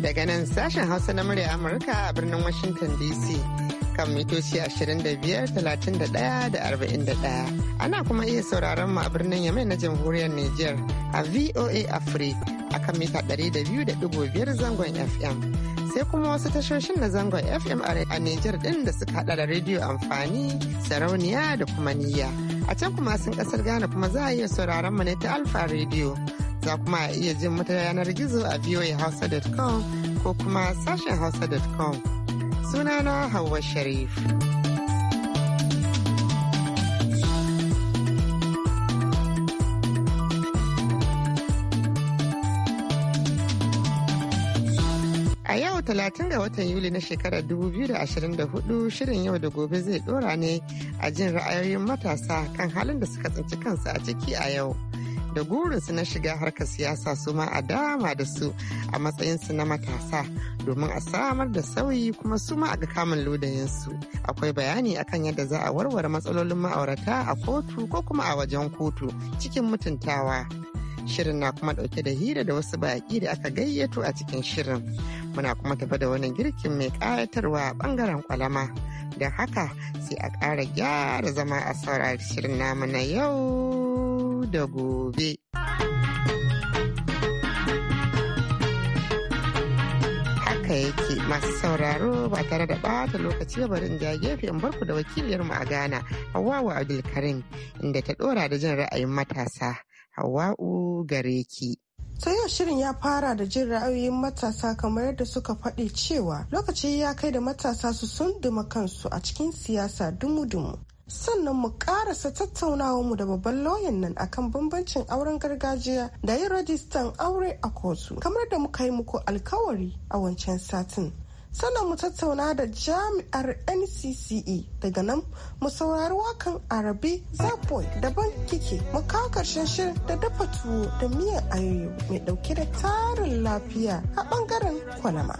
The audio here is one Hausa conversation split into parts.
daga nan sashen hausa na murya amurka a birnin washington dc kan mitoci 25 da 41 ana kuma iya sauraron mu a birnin yamai na jamhuriyar niger a voa africa a kan mita 200.5 zangon fm sai kuma wasu tashoshin na zangon fm a niger din da suka hada da rediyo amfani sarauniya da kuma niyya a can kuma sun kasar ghana kuma za a iya sauraron mu ne ta alfa rediyo Za kuma a iya jin mata yanar gizo a voahausa.com ko kuma sashen hausa.com. Sunana Hauwa Sharif. A yau talatin ga watan Yuli na shekarar 2024 shirin yau da gobe zai dora ne a jin ra'ayoyin matasa kan halin da suka tsinci kansu a ciki a yau. da gurinsu na shiga harkar siyasa su ma a dama da su a matsayinsu na matasa domin a samar da sauyi kuma su ma a ga kamun ludayinsu akwai bayani akan yadda za a warware matsalolin ma'aurata a kotu ko kuma a wajen kotu cikin mutuntawa shirin na kuma dauke da hira da wasu baki da aka gayyato a cikin shirin muna kuma tafa da wani girkin mai kayatarwa bangaren kwalama Da haka sai a ƙara gyara zama a saurari shirin namu na yau da gobe. Haka yake masu sauraro ba tare da ɓata lokaci barin ja gefe in barku da wakiliyarmu a Ghana, Hawwa Abdulkarim, inda ta ɗora da jin ra'ayin matasa. Hawwa'u gare ki. sai yau shirin ya fara da jin ra'ayoyin matasa kamar yadda suka faɗi cewa lokaci ya kai da matasa su sunduma kansu a cikin siyasa dumu-dumu sannan mu karasa tattaunawa mu da babban lauyan nan akan bambancin auren gargajiya da yin rajistan aure a kotu kamar da muka yi muku alkawari a wancan satin sannan mu tattauna da jami'ar ncce daga nan mu saurari wakan arabi zapoy daban kike mu kawo karshen shirin da dafa tuwo da miyan ayoyo mai dauke da tarin lafiya a bangaren kwalama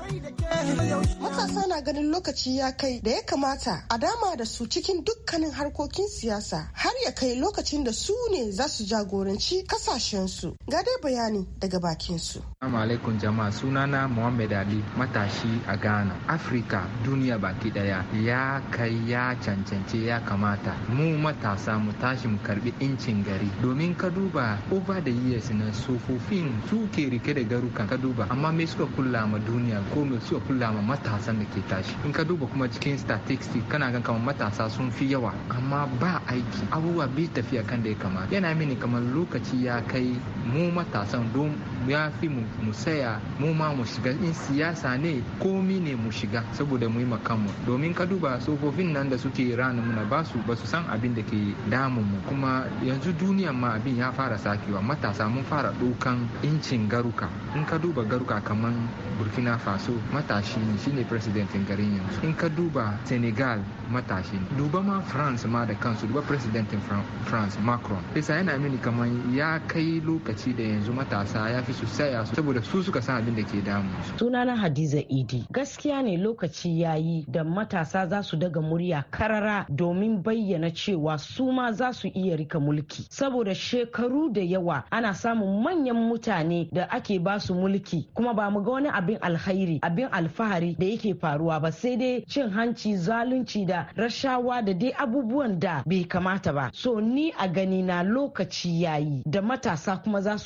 matasa na ganin lokaci ya kai da ya kamata a dama da su cikin dukkanin harkokin siyasa har ya kai lokacin da su ne za su jagoranci kasashensu ga dai bayani daga bakinsu. Assalamu alaikum jama'a sunana Muhammad Ali matashi a Ghana. amfana afirka duniya baki daya ya kai ya cancanci ya kamata mu matasa mu tashi mu karbi incin gari domin ka duba over the years na sufufin su ke rike da garukan ka duba amma me suka kulla ma duniya ko me suka kulla ma matasan da ke tashi in ka duba kuma cikin statistics kana gan kamar matasa sun fi yawa amma ba aiki abubuwa bi tafiya kan da ya kamata yana mini kamar lokaci ya kai mu matasan don ya fi mu saya mu ma mu shiga in siyasa ne komi ne ne mu shiga saboda mu yi kanmu domin ka duba tsofaffin nan da suke rana muna ba su ba su san abin da ke damun mu kuma yanzu duniyan ma abin ya fara sakewa matasa mun fara ɗaukan incin garuka in ka duba garuka kamar burkina faso matashi ne shine presidentin garin yanzu in ka duba senegal matashi ne duba ma france ma da kansu duba presidentin france macron bisa yana mini kamar ya kai lokaci da yanzu matasa ya fi su saya saboda su suka san abin da ke damu sunana hadiza idi gaskiya gaskiya ne lokaci ya yi da matasa za su daga murya karara domin bayyana cewa su ma za su iya rika mulki saboda shekaru da yawa ana samun manyan mutane da ake ba su mulki kuma ba mu ga wani abin alhairi abin alfahari da yake faruwa ba sai dai cin hanci zalunci da rashawa da dai abubuwan da bai kamata ba so ni a gani na lokaci ya yi da matasa kuma za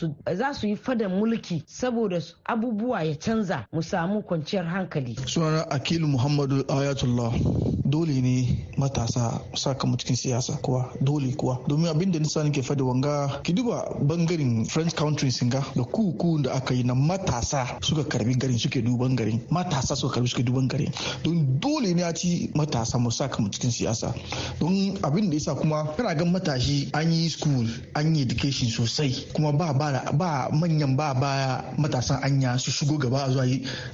su yi fadan mulki saboda abubuwa ya canza mu samu kwanciyar hankali suna akilu muhammadu ayatullah dole ne matasa saka mu cikin siyasa kuwa dole kuwa domin abin da nisa nake fada wanga ki duba bangaren french country singa da kuku da aka yi na matasa suka karbi garin suke duban garin matasa suka karbi suke duban garin don dole ne a ci matasa mu saka mu cikin siyasa don abin da yasa kuma kana gan matashi an yi school an yi education sosai kuma ba ba manyan ba baya matasan anya su shigo gaba a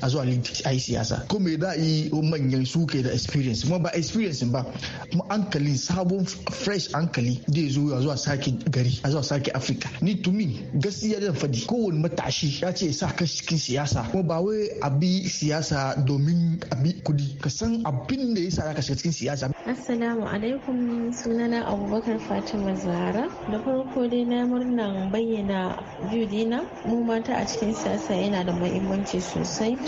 zuwa a yi siyasa ko me da yi manyan su da experience kuma ba experience ba kuma hankali sabon fresh ankali zai zo ya zuwa sake gari a zuwa sake afirka ni to me gaskiya zan fadi kowane matashi ya ce sa ka cikin siyasa kuma ba wai abi siyasa domin abi kudi ka san abin da ya sa ka shiga cikin siyasa assalamu alaikum sunana abubakar fatima zahara da farko dai na murna bayyana biyu dina mu mata a cikin siyasa yana da muhimmanci sosai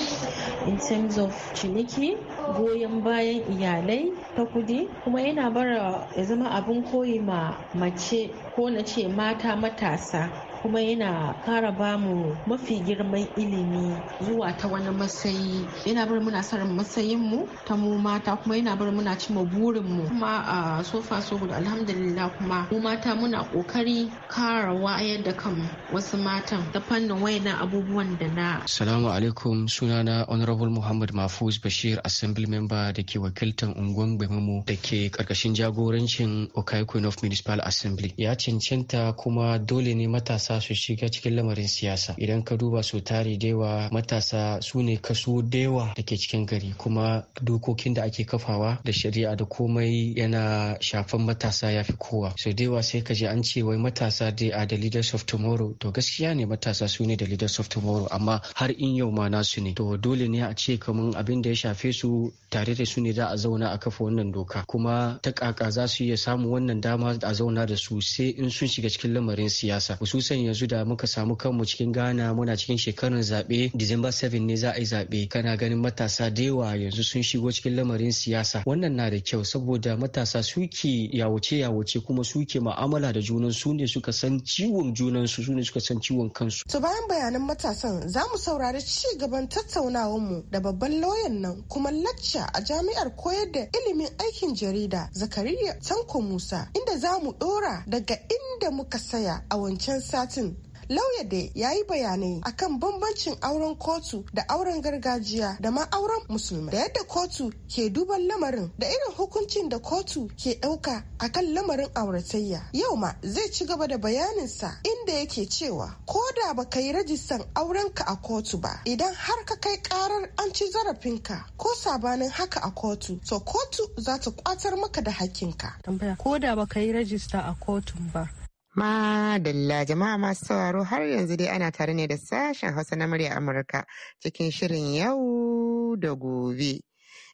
in terms of ciniki goyon bayan iyalai ta kudi kuma yana bara ya zama abin koyi ma mace ko na ce mata matasa kuma yana kara ba mu mafi girman ilimi zuwa ta wani matsayi yana bar muna sarin matsayin mu ta mu mata kuma yana bar muna cima burin mu kuma a sofa so good alhamdulillah kuma mu mata muna kokari kara wayar da kan wasu matan ta fannin wayannan abubuwan da na assalamu alaikum sunana honorable muhammad mafuz bashir assembly member da ke wakiltar unguwar gbemamo da ke karkashin jagorancin okaikun of municipal assembly ya cancanta kuma dole ne matasa matasa su shiga cikin lamarin siyasa idan ka duba su tare dewa matasa su ne kaso dewa da ke cikin gari kuma dokokin da ake kafawa da shari'a da komai yana shafan matasa ya fi kowa so dewa sai ka je an ce wai matasa dai a da leaders of tomorrow to gaskiya ne matasa su ne da leaders of tomorrow amma har in yau ma nasu ne to dole ne a ce kaman abin da ya shafe su tare da su ne za a zauna a kafa wannan doka kuma ta kaka za su iya samu wannan dama a zauna da su sai in sun shiga cikin lamarin siyasa hususan yanzu da muka samu kanmu cikin Ghana muna cikin shekarun zaɓe December 7 ne za a yi zaɓe kana ganin matasa da yawa yanzu sun shigo cikin lamarin siyasa wannan na da kyau saboda matasa suke yawace yawace kuma suke ma'amala da junan su ne suka san ciwon junan su su ne suka san ciwon kansu. To bayan bayanan matasan za mu saurari ci gaban tattaunawar mu da babban lauyan nan kuma lacca a jami'ar koyar da ilimin aikin jarida Zakariya Tanko Musa inda za mu dora daga inda muka saya a wancan sati Martin. Lauya da ya yi bayanai akan bambancin auren kotu da auren gargajiya da ma auren musulmi da yadda kotu ke duban lamarin da irin hukuncin da kotu ke ɗauka akan lamarin auratayya. Yau ma zai ci gaba da bayaninsa inda yake cewa ko da ba ka yi rajistan aurenka a kotu ba idan har ka kai karar an ci zarafinka ko sabanin haka a kotu to kotu za ta kwatar maka da hakinka. Ko da ba ka yi rajista a kotun ba Madalla jama'a masu sauraro har yanzu dai ana tare ne da sashen Hausa na murya Amurka cikin shirin yau da gobe.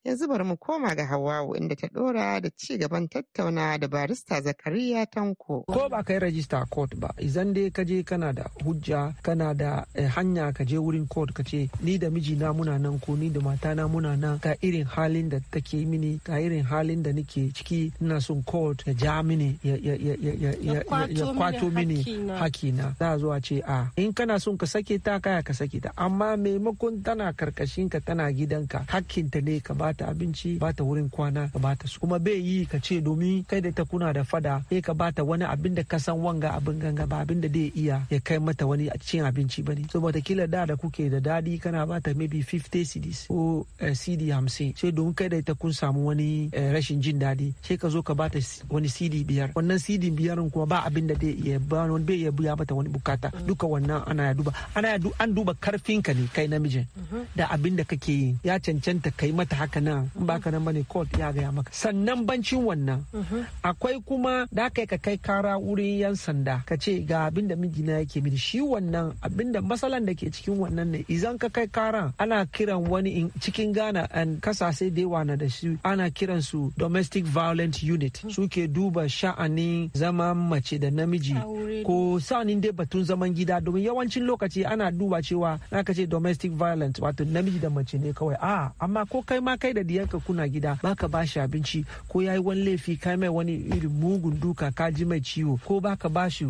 Yanzu bari mu koma ga hawa inda ta dora da ci gaban tattauna da barista Zakariya Tanko. Ko ba ka yi rajista court ba, izan dai ka je kana da hujja, kana da eh, hanya ka je wurin court ka ce ni da mijina muna nan ko ni da matana muna nan ka irin halin da take mini, ka irin halin da nake ciki ina son court ya ja mini ya kwato mini hakina. Za zuwa ce a in kana son ka sake ta kaya ka sake ta amma maimakon tana karkashin ka tana gidanka hakkinta ne ka ba ta abinci ba ta wurin kwana ka bata su kuma bai yi ka ce domin kai da ta kuna da fada sai ka bata wani abin da ka san wanga abin ganga ba abin da zai iya ya kai mata wani a cikin abinci bane so kila da da kuke da dadi kana bata maybe 50 cedis ko eh, cd 50 sai domin kai da ita kun samu wani eh, rashin jin dadi sai ka zo ka bata wani cd biyar wannan cd biyar kuma ba abin da zai iya ba wani bai iya biya mata wani bukata mm. duka wannan ana ya duba ana ya an duba karfin ka ne kai namijin mm-hmm. da abin da kake yi ya cancanta kai mata haka ka nan in ba ka nan bane court ya gaya maka sannan bancin wannan mhm. akwai kuma da kai ka kai kara wurin yan sanda ka ce ga abinda da mijina yake mini shi wannan abinda da matsalan da ke cikin wannan ne idan ka kai kara ana kiran wani cikin gana an kasase da yawa na da shi ana kiran su domestic violent unit mhm. suke duba sha'anin zama mace da namiji ko sa'anin dai batun zaman gida domin yawancin lokaci ana duba cewa na ka ce domestic violent wato namiji da mace ne kawai a amma ko kai ma kai kai da diyanka kuna gida baka ba shi abinci ko yayi wani laifi kai mai wani irin mugun duka ka ji mai ciwo ko baka ba shi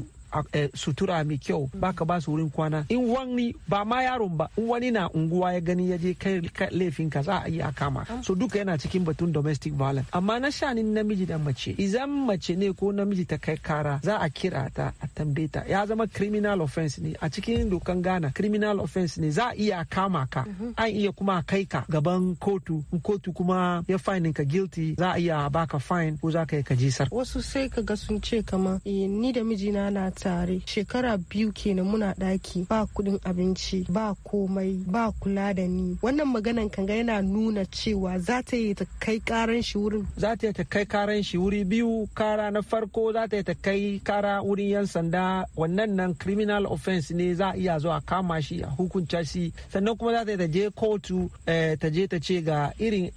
Eh, sutura mai kyau baka ba su wurin kwana in wani ba ma yaron ba in wani na unguwa ya gani ya je kai laifin ka za a iya kama so duka yana cikin batun domestic violence amma na shanin namiji da mace idan mace ne ko namiji ta kai kara za a kira ta a tambaye ta ya zama criminal offense ne a cikin dokan gana criminal offense ne za a iya kama ka an iya kuma kai ka gaban kotu kotu kuma ya fine ka guilty za a iya baka fine ko za ka yi kajisar wasu sai ka ga sun ce kama eh, ni da na na tare shekara biyu kenan muna ɗaki ba kuɗin abinci ba komai ba kula da ni wannan maganan kanga yana nuna cewa za ta yi ta kai karan shi wurin za ta yi ta kai karan shi wuri biyu kara na farko za ta yi ta kai kara wurin yan sanda wannan nan criminal offense ne za a iya zuwa kama shi a hukunta shi sannan kuma za ta yi ta je kotu eh, ta je ta ce ga irin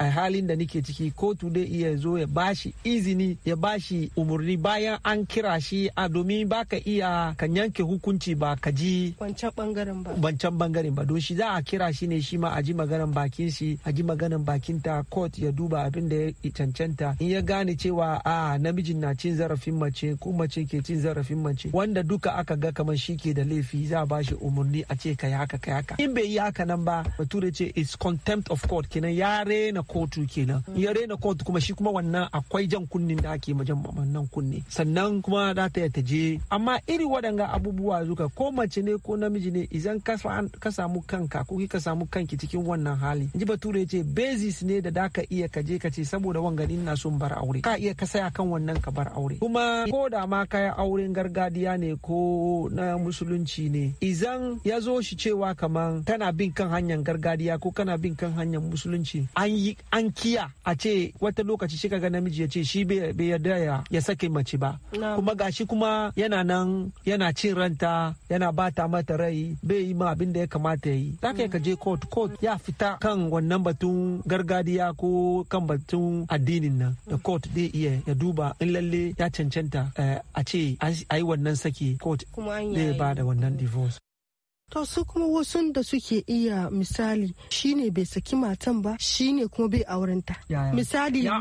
halin da nike ciki kotu dai iya zo ya bashi izini ya bashi umarni bayan an kira shi a domin ba ka iya ka yanke hukunci ba ka ji wancan bangaren ba don shi za a kira shi ne shi ma a ji maganan bakin shi a ji maganan bakin ta court ya duba abin da ya cancanta in ya gane cewa a namijin na cin zarafin mace ko mace ke cin zarafin mace wanda duka aka ga kamar shi ke da laifi za a bashi umarni a ce ka haka ka haka in bai yi haka nan ba bature ce is contempt of court kenan ya rena kotu kenan ya rena kotu kuma shi kuma wannan akwai jan kunnin da ake majan wannan kunne sannan kuma za ta je amma iri waɗanga abubuwa zuka ko mace ne ko namiji ne idan ka samu kanka ko ka samu kanki cikin wannan hali ji bature ya ce basis ne da daka iya ka je ka ce saboda wangani na son bar aure ka iya ka saya kan wannan ka bar aure kuma ko da ma kaya auren gargajiya ne ko na musulunci ne idan ya zo shi cewa kaman kana bin kan hanyar gargajiya ko kana bin kan hanyar musulunci an yi an kiya a ce wata lokaci shi ga namiji ya ce shi bai yarda ya sake mace ba kuma gashi kuma yana nan yana cin ranta yana bata mata rai bai yi ma abin da ya kamata ya yi za ka ka je court court ya fita kan wannan batun gargadiya ko kan batun addinin nan da court dai iya ya duba in lalle ya cancanta eh, a ce a yi wannan saki court zai ba da wannan divorce to su kuma wasu da suke iya misali shine bai saki matan ba shine kuma bai aurenta misali ya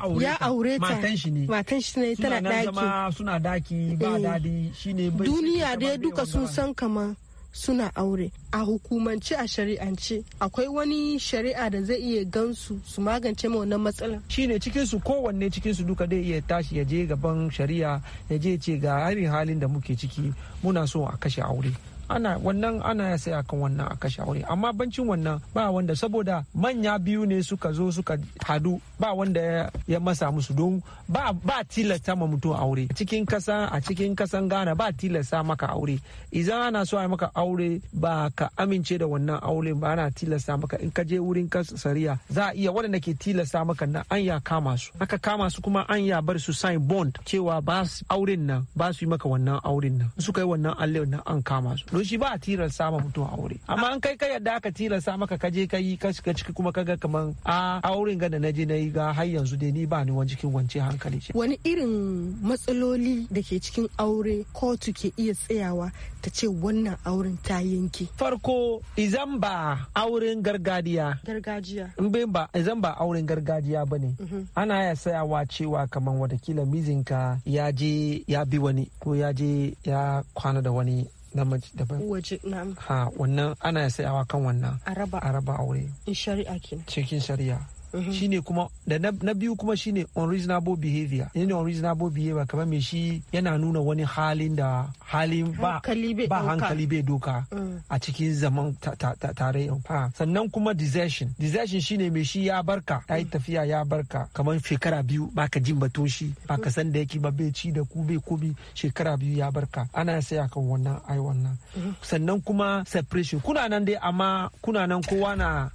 aureta aure ta matan shi ne matan shi ne tana daki suna daki ba eh. dadi shine bai duniya dai duka sun san kama suna aure a hukumance a shari'ance akwai wani shari'a da zai iya gansu su magance ma wannan matsala. shine cikin su kowanne cikin su duka dai iya tashi ya je gaban shari'a ya je ce ga harin halin da muke ciki muna so a kashe aure ana wannan ana ya sai akan wannan a kashe aure. amma bancin wannan ba wanda saboda manya biyu ne suka zo suka hadu ba wanda ya masa musu don ba tilasta ma mutum aure cikin kasa a cikin kasan gana ba tilasta maka aure idan ana so a maka aure ba ka amince da wannan aure ba ana tilasta maka in ka je wurin sariya za a iya waɗanda ke tilasta maka na an ya kama su aka kama su kuma an ya bar su sign bond cewa ba auren nan ba su yi maka wannan auren nan suka yi wannan allewa na an kama su don ba a tilasta ma mutum aure amma an kai ka yadda aka tilasta maka ka je ka yi ka shiga ciki kuma ka ga kaman a auren ga da na nayi yi ga har yanzu dai ni ba ni wani cikin wance hankali ce wani irin matsaloli da ke cikin aure kotu ke iya tsayawa ta ce wannan auren ta yanke farko idan ba auren gargajiya gargajiya in ba idan ba auren gargajiya bane mhm. ana ya tsayawa cewa kaman watakila mijinka ya je ya bi wani ko ya je ya kwana da wani daban waje na'am ha wannan ana sayawa kan wannan Araba. Araba aure in shari'a kenan cikin shari'a Mm-hmm. shine kuma da na biyu kuma shine unreasonable behavior ne unreasonable behavior kamar me shi yana nuna wani halin da halin ba hankali bai doka mm. a cikin zaman tare sannan kuma desertion desertion shine me shi ya barka ta yi mm. tafiya ya barka kamar shekara biyu baka jin baton shi baka mm. san da yake ba bai ci da ku bai komi shekara biyu ya barka ana saya kan wannan ai wannan sannan kuma separation kuna nan dai amma kuna nan kowa na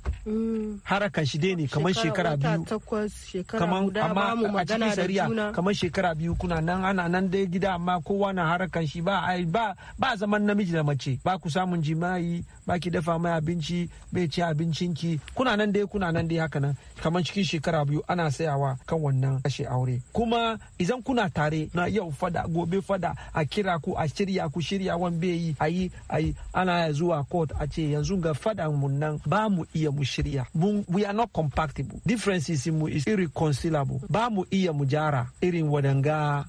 harakan shi dai ne kamar shi shekara biyu amma a cikin shari'a kamar shekara biyu kuna nan ana nan dai gida amma kowa na harakan shi ba ba ba zaman namiji da mace ba ku samun jima'i ba ki dafa mai abinci bai ci ki kuna nan dai kuna nan dai haka nan kamar cikin shekara biyu ana sayawa kan wannan kashe aure kuma idan kuna tare na yau fada gobe fada a kira ku a shirya ku shirya wan bai yi ayi ayi ana zuwa court a ce yanzu ga fada mun nan ba mu iya mu shirya we are not compatible differences mu is irreconcilable ba mu iya mu jara irin wadanga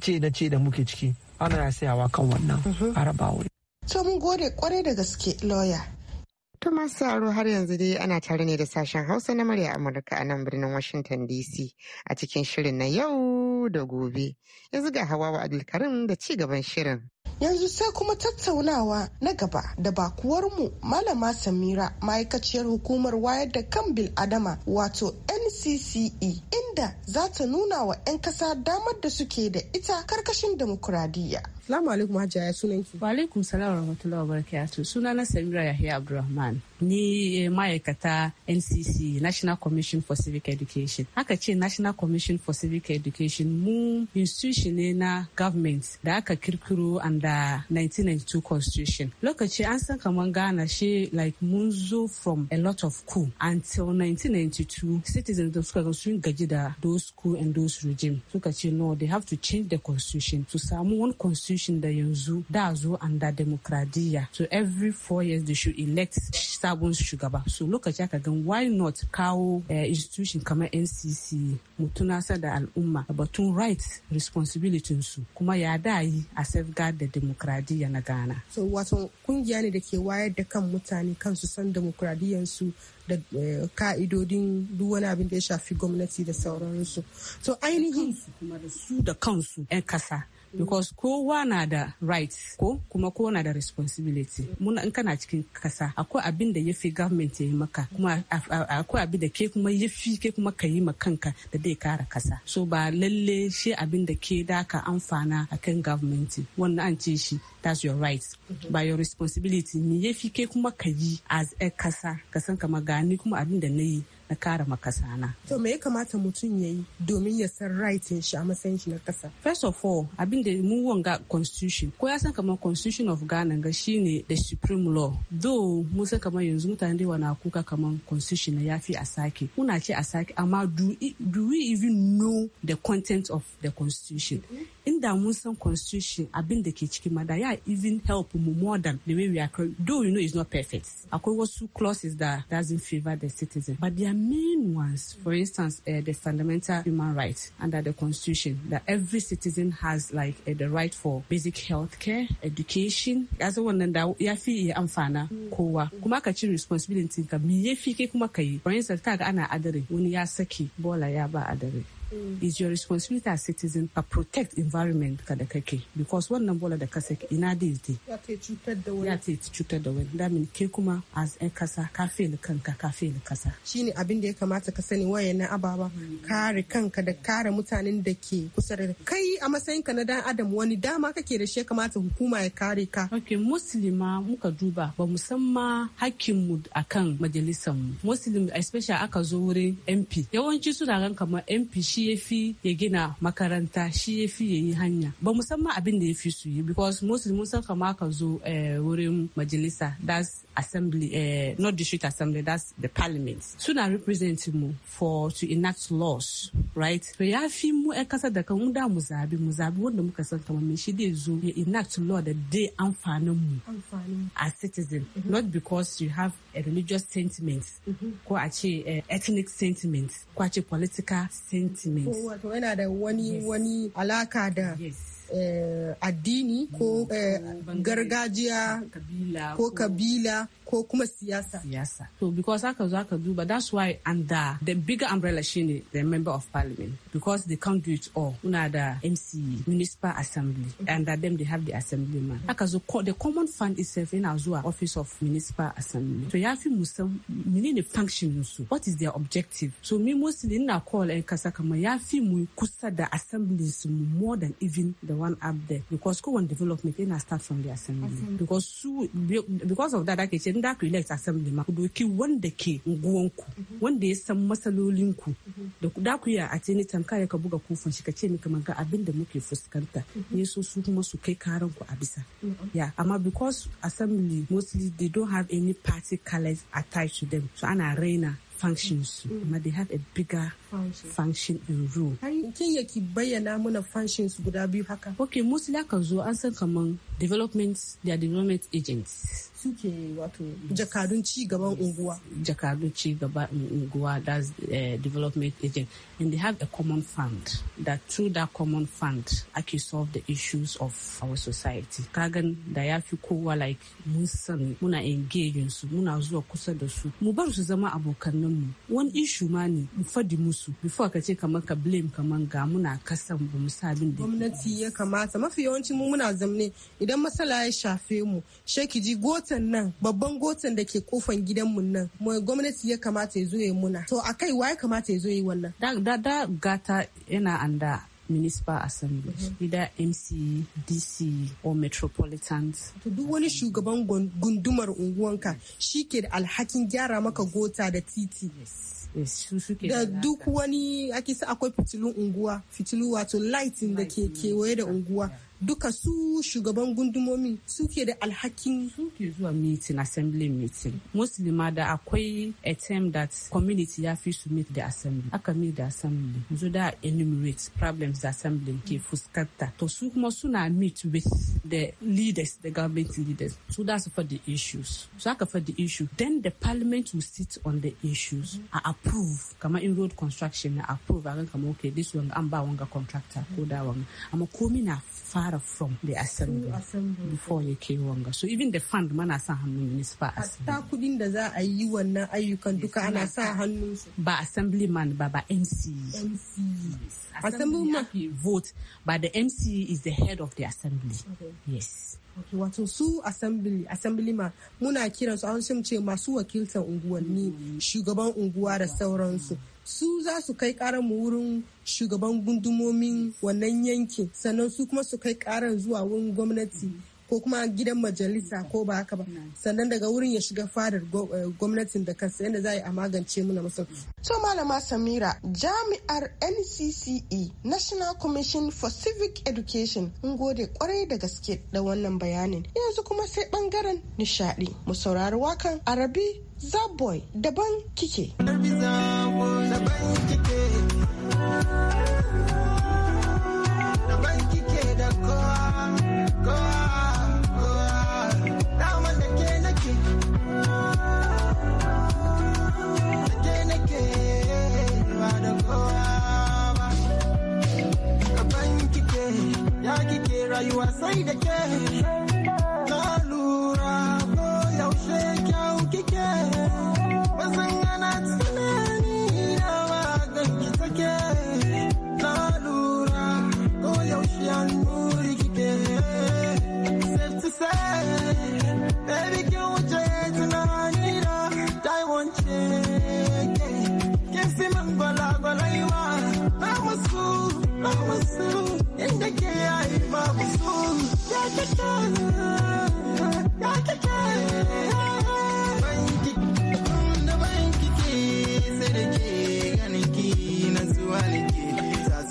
ce na ce da muke ciki ana sayawa kan wannan mhm. araba to mun gode kwarai da gaske lawyer To masu aro har yanzu dai ana tare ne da sashen Hausa na murya Amurka a nan birnin Washington DC a cikin shirin na yau da gobe. Yanzu ga wa Abdulkarim da ci gaban shirin. yanzu sai kuma tattaunawa na gaba da bakuwar mu malama samira ma'aikaciyar hukumar wayar da kan bil'adama wato ncce inda za ta nuna wa 'yan kasa damar da suke da ita karkashin demokuradiyya. Salamu alaikum hajjaya sunanki. Wa alaikum salam wa rahmatullahi wa na Sunana Samira Yahya Abdulrahman. ni eh, ma'aikata ncc national commission for civic education aka ce national commission for civic education mu institution ne na government da aka kirkiro under 1992 constitution lokaci an san kamar ghana shi like mun zo from a lot of coup until 1992 citizens da suka sun gaji da those coup and those regime suka ce no they have to change the constitution to samu one constitution da yanzu da zo under demokradiyya so every four years they should elect sabon shugaba so lokaci aka gan why not kawo eh, institution kamar ncc mu da al'umma batun rights responsibilities su kuma ya da yi a safeguard da demokradiyya na ghana so wato kungiya ne da ke wayar da kan mutane kansu san demokradiyyansu da eh, ka'idodin duk wani abin da ya shafi gwamnati da sauransu so ainihin su kuma da su da kansu 'yan kasa because kowa na da rights ko kuma kowa na da responsibility muna in kana cikin kasa akwai abin da yafi government ya yi maka kuma akwai abin da ke kuma yafi ke kuma ka yi ma kanka da dai kara kasa so ba lalle shi abin da ke daka amfana akan government wannan an ce shi that's your right mhm. by your responsibility me yafi ke kuma ka yi as a kasa kasan kama gani kuma abin da na yi na kare na To me ya kamata mutum ya yi domin ya san rightin shi a matsayin shi na kasa? First of all, abin da mu wanga constitution, ko ya san kamar constitution of Ghana ga ne the supreme law. Though musa san kamar yanzu mutane da na kuka kamar constitution na yafi a sake. Muna ce a sake amma do, do we even know the content of the constitution? Mm -hmm. In the san constitution abin da ke ciki ma da even help mu more than the way we are though you know it's not perfect akwai wasu clauses that doesn't favor the citizen but there are main ones for instance uh, the fundamental human rights under the constitution that every citizen has like uh, the right for basic health care education ya zo wannan da ya amfana kowa Kumaka ka responsibility ka miye fike fi yi for instance kaga ana adere wani ya saki bola ya ba adere. Mm. is your responsibility as citizen to protect environment ka da kake because wannan bola da ka saki ina da yake ya ce cutar da wani damin ke kuma as yan kasa ka fail kanka ka fail kasa shine abin da ya kamata ka sani waye na ababa mm. kare kanka da kare mutanen da ke kusa da kai a matsayin ka na dan adam wani dama kake da shi kamata hukuma ya kare ka ok muslima muka duba ba musamman hakkin mu akan majalisar mu muslim especially aka zo wurin MP yawanci suna gan kamar MP shi shi ya fi ya gina makaranta shi ya fi ya yi hanya ba musamman abin da ya fi su yi because mostly mun san kama ka zo eh, wurin majalisa that's assembly uh, not district assembly that's the parliament suna represent mu for to enact laws right to ya fi mu yan kasa da kan da mu zabi mu zabi wanda muka san kamar mai shi dai zo ya enact law da dai amfanin mu as citizen mhm. not because you have a religious sentiment mhm. ko a ce eh, ethnic sentiment ko a ce political sentiment statements. Wato yana da wani wani alaka da eh, addini ko eh, gargajiya ko kabila ko kuma siyasa siyasa to because aka zo duba that's why under the bigger umbrella shine the member of parliament because they can't do it all muna da MCE municipal assembly mm-hmm. under them they have the assemblyman aka zo the common fund itself yana zuwa office of municipal assembly So ya fi musan menene function su what is their objective so me mostly ina call ɗan eh, kasa kama ya fi mu kusa da assemblies more than even the one up there because kowane development yana start from the assembly because su because of that can say. in da ku yi assembly ma ku doki wanda ke unguwanku mhm. wanda ya san matsalolinku mhm. da ku da ku yi a atini tamka ka buga kofan shi ka ce ni kamar ga abin da muke fuskanta ne mhm. so su kuma su kai karan ku a bisa ya amma because assembly mostly they don't have any party colors attached to them so ana raina functions mm. but they have a bigger function, in and role. Kin ya ki bayyana mana functions guda biyu haka? Okay, mostly aka zo an san kaman development, they are development agents. Suke wato jakadun ci gaban unguwa. Jakadun ci gaban unguwa, that's a eh, development agent. And they have a common fund that through that common fund ake solve the issues of our society. Kagan da ya fi kowa like mun sani muna engage su muna zuwa kusa da su. Mu bar su zama abokan mu wani ishu ma ne mu fadi musu before ka ce kamar ka blame kamar ga muna kasan ba mu sa abin da gwamnati ya kamata mafi yawanci mu muna zamne idan matsala ya shafe mu sheki ji gotan nan babban gotan da ke kofan gidan mu nan mu gwamnati ya kamata ya zo ya muna to akai wa ya kamata ya zo ya yi wannan da da gata yana anda municipal assembly mhm. either mc dc or metropolitan to duk wani shugaban gundumar unguwanka shi ke da alhakin gyara maka gota da titi da duk wani ake akwai fitilun unguwa fitilu wato lighting da ke kewaye da unguwa duka su shugaban gundumomi suke da alhakin suke zuwa meeting assembly meeting ma da akwai a term that community ya fi su meet the assembly aka meet the assembly zo da enumerate problems the assembly ke fuskanta to su kuma suna meet with the leaders the government leaders so that's for the issues so aka for the issue then the parliament will sit on the issues a approve kama in road construction na approve a kama okay this one an ba wanga contractor ko da wanga amma komi na fa. fara from the assembly before you came on, so even the fund mana sa hannun municipal assembly hatta kudin da za a yi wannan ayyukan duka ana sa assemblyman ba ba MC MC assemblyman vote but the MC is the head of the assembly okay. yes wato su assembly ma muna kiransu an sun ce masu wakiltar unguwanni shugaban unguwa da sauransu su za su kai karan mu wurin shugaban gundumomin wannan yankin sannan su kuma su kai karan zuwa wurin gwamnati ko kuma gidan majalisa ko ba haka ba sannan daga wurin ya shiga fadar eh, gwamnatin da kansa yadda za a magance mu na so malama samira jami'ar ncce national commission for civic education in gode kwarai da gaske da wannan bayanin yanzu kuma sai bangaren nishadi mu saurari wakan arabi zaboy Daban kike.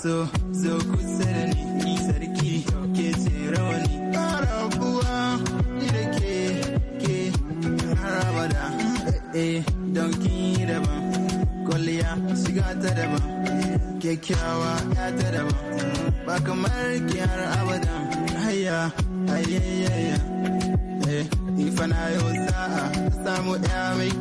so zo ni sarki ke ce rawani rabuwa ni da ke ke harabada eh, eh don daban kwalliya shiga ta daban kyakkyawa ya ta daban ba kamar ki har abada haya ayayaya eh ifa na yau sa'a samu ya mai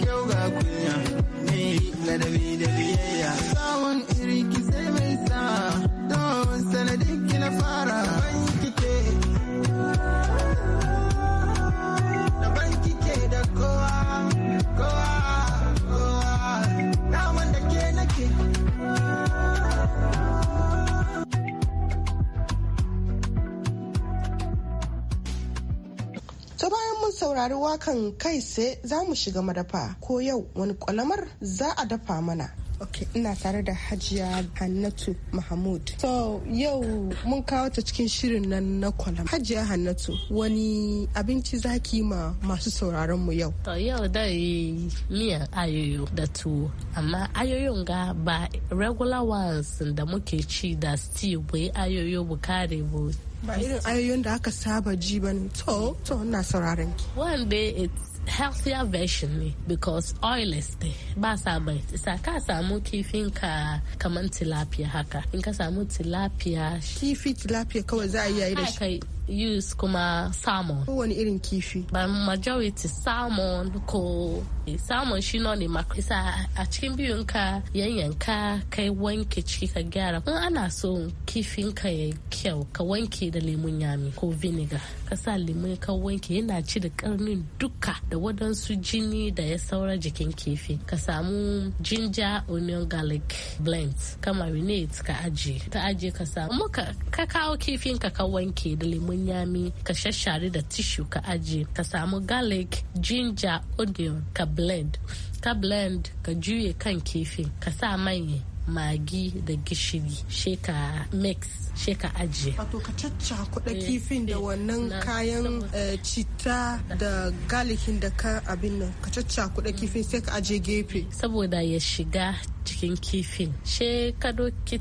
mun saurari wakan kai sai za mu shiga madafa ko yau wani kwalamar za a dafa mana. Ok, ina tare da Hajiya Hannatu Mahmud. So, yau mun kawo ta cikin shirin nan na kwalam. Hajiya Hannatu, wani abinci za ki ma masu sauraron mu yau? To, yau dai miyan ayoyo da tuwo. Amma ayoyon ga ba regular ones da muke ci da stew bai ayoyo bukare bu ba irin ayoyin da aka saba ji ba ne to to ina sauraron ki one day it's healthier version ne because oil is there ba sa mai isa ka samu kifin ka kamar tilapia haka in ka samu tilapia kifi tilapia kawai za a iya yi da shi use kuma salmon kowane irin kifi ba majority salmon ko eh, salmon shi no ne isa a cikin biyun ka yanyanka kai wanke ciki ka gyara kun ana so kifin ka ya kyau ka wanke da lemun yami ko vinegar ka sa lemun ka wanke yana ci da karnin duka da wadansu jini da ya saura jikin kifi ka samu ginger onion garlic blend ka marinate ka ajiye ta ajiye ka samu ka kawo kifin ka ka wanke da lemun lemon yami ka shashare da tishu ka aje ka samu garlic ginger onion ka blend ka blend ka juye kan kifi ka sa mai magi da gishiri sheka mix sheka ajiye. Wato ka caccakuɗa eh, kifin da eh, wannan kayan eh, citta da galikin da ka abin nan ka caccakuɗa kifin sai ka ajiye gefe. Saboda ya shiga cikin kifin she ka doki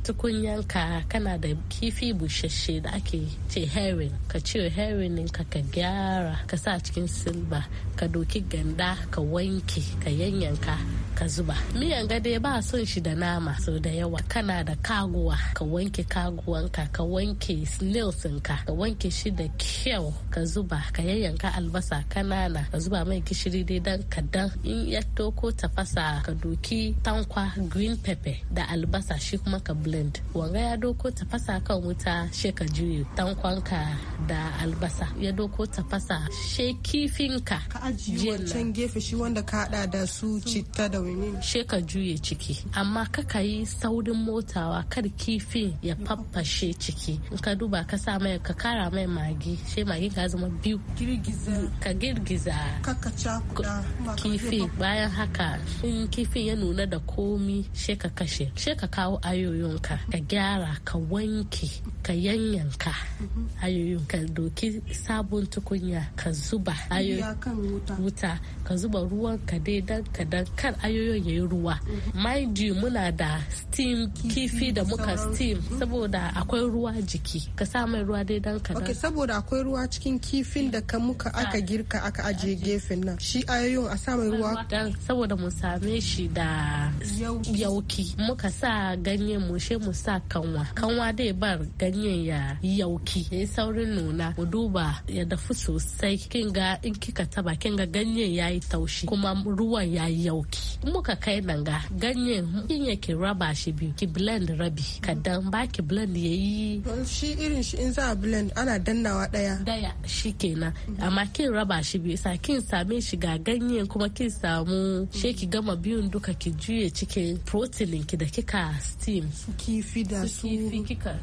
ka kana da kifi bushashe da ake ce herin ka cire herin ka ka gyara ka sa cikin silba ka doki ganda ka wanke ka yanyanka ka zuba miyan gade ba son shi da nama so da yawa kana da kaguwa ka wanke kaguwanka ka wanke snails ka ka wanke shi da kyau ka zuba ka yanyanka albasa kanana ka zuba mai gishiri dai dan ka dan in ya ko tafasa ka doki tankwa green pepper da albasa shi kuma ka blend wanga ya doko tafasa kan wuta shi ka juye tankwanka da albasa ya doko tafasa She kifinka ka ajiye wancan gefe shi wanda ka hada da su citta da wani shi ka juye ciki amma kaka yi saurin motawa kar kifin ya faffashe ciki in ka duba ka sa mai ka kara mai magi she magi ka zama biyu ka girgiza kaka cakuda kifi bayan haka in kifin ya nuna da komi she ka kashe she ka kawo ayoyinka ka gyara ka wanke ka yanyanka ayoyin ka doki sabon tukunya ka zuba wuta ka zuba ruwan ka daidan ka dan kar ayoyin yayi ruwa mind you muna da steam kifi da muka steam saboda akwai ruwa jiki ka sa mai ruwa daidan ka okay saboda akwai ruwa cikin kifin da ka muka aka girka aka ajiye gefen nan shi ayoyin a sa mai ruwa saboda mu same shi da yauki muka sa ganye mu she mu sa kanwa kanwa dai bar ganye ya yauki ya saurin nuna mu duba ya dafu sosai kin ga in kika taba kin ga ganyen ya yi taushi kuma ruwan ya yi yauki muka kai nan ga ganyen kin ya ki raba shi biyu ki blend rabi ka dan ba ki blend ya yi shi irin shi in za a blend ana dannawa daya daya shi kenan amma kin raba shi biyu sa kin same shi ga ganyen kuma kin samu she ki gama biyun duka ki juye cikin wannan protein ki da kika steam su kifi da su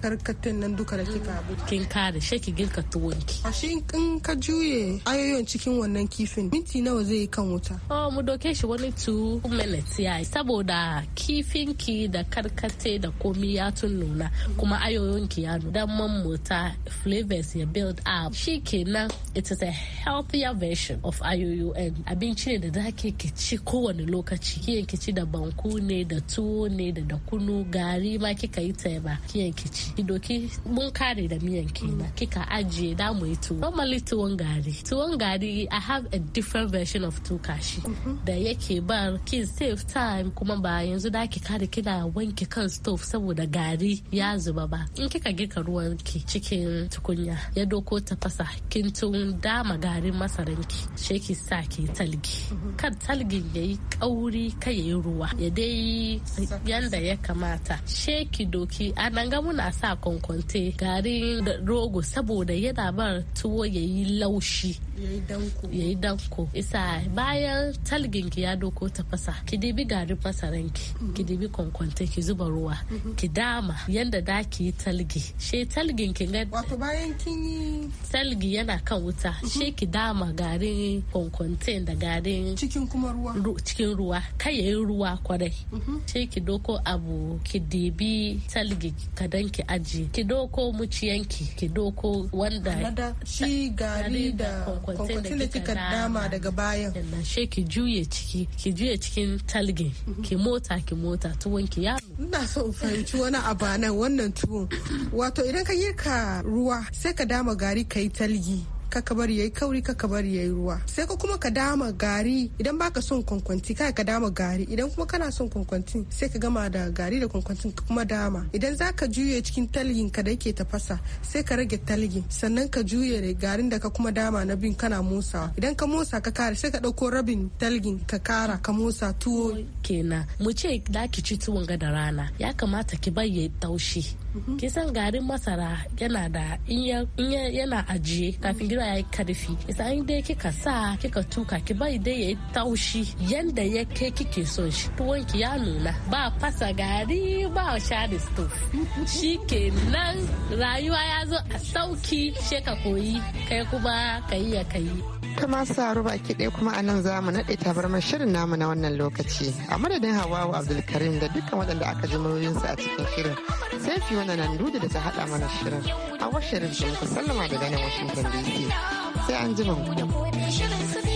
karkatun nan duka da kika kin kare shi ki girka tuwon a shi in ka juye ayoyin cikin wannan kifin minti nawa zai yi kan wuta oh mu doke shi wani 2 minutes ya saboda kifin ki da karkate da komi ya tun nuna kuma ayoyin ki ya nuna man mota flavors ya build up shi na. it is a healthier version of ayoyo abinci ne da zaki ki ci kowane lokaci ki ci da banku ne da tuwo ne da da kunu gari ma kika yi ba kiyan ki ci ki doki mun kare da miyan kina kika ajiye da mu yi tuwo normally tuwon gari tuwon gari i have a different version of tukashi mm-hmm. da yake bar ki save time kuma ba yanzu da ki kare kina wanke kan stove saboda gari ya zuba ba in kika girka ruwan ki cikin tukunya ya doko tafasa kin tun dama ki masaranki ki sa ki talgi mm-hmm. kan talgin yayi kauri kai yayi ruwa ya dai yi yanda ya kamata sheki doki a nan ga muna sa kwankwante garin rogo saboda yana bar tuwo ya yi laushi ya yi danko isa bayan talginki ya doko ta fasa ki dibi garin masaranki ki mhm. dibi kwankwante ki zuba ruwa mhm. ki dama yanda da ki yi talgi she talgin ki ga wato bayan kin yi talgi yana kan wuta mhm. she ki dama garin kwankwante da garin cikin kuma ruwa cikin ruwa kai yayi ruwa kwarai sai ki doko abu ki dibi salgi kadan ki aji ki doko muciyanki ki doko wanda shi gari da kwankwancin da kika dama daga bayan sai ki juye ciki ki juye cikin talgi ki mota ki mota tuwon ki ya ina so fahimci wani abu wannan tuwon wato idan ka yi ka ruwa sai ka dama gari ka talgi kaka bari yayi kauri kaka bari yayi ruwa sai ka kuma ka dama gari idan baka son kwankwanti kai ka dama gari idan kuma kana son kwankwanti sai ka gama da gari da kwankwanti kuma dama idan zaka juye cikin talgin ka da yake tafasa sai ka rage talgin sannan ka juye garin da ka kuma dama na bin kana musawa idan ka musa ka kare sai ka dauko rabin talgin ka kara ka musa tuwo kenan mu ce da ki ci tuwon ga da rana ya kamata ki bayyana taushi Mhm. kisan garin masara yana da yana ajiye kafin gida ya yi karfi isa in dai kika sa kika tuka ki bai dai ya yi taushi yadda ya kai kike son shi tuwonki ki ya nuna ba fasa gari ba share stove mhm. shi ke nan rayuwa ya zo a sauki sheka koyi kai kuma kayi ya kayi ta masu baki ɗaya kuma a nan za mu naɗe tabarmar shirin namu na wannan lokaci a madadin hawawu abdulkarim da dukkan waɗanda aka ji muryoyinsu a cikin shirin sai fi wannan nan dudu da ta haɗa mana shirin a washe da muka sallama daga nan washington dc sai an ji mu.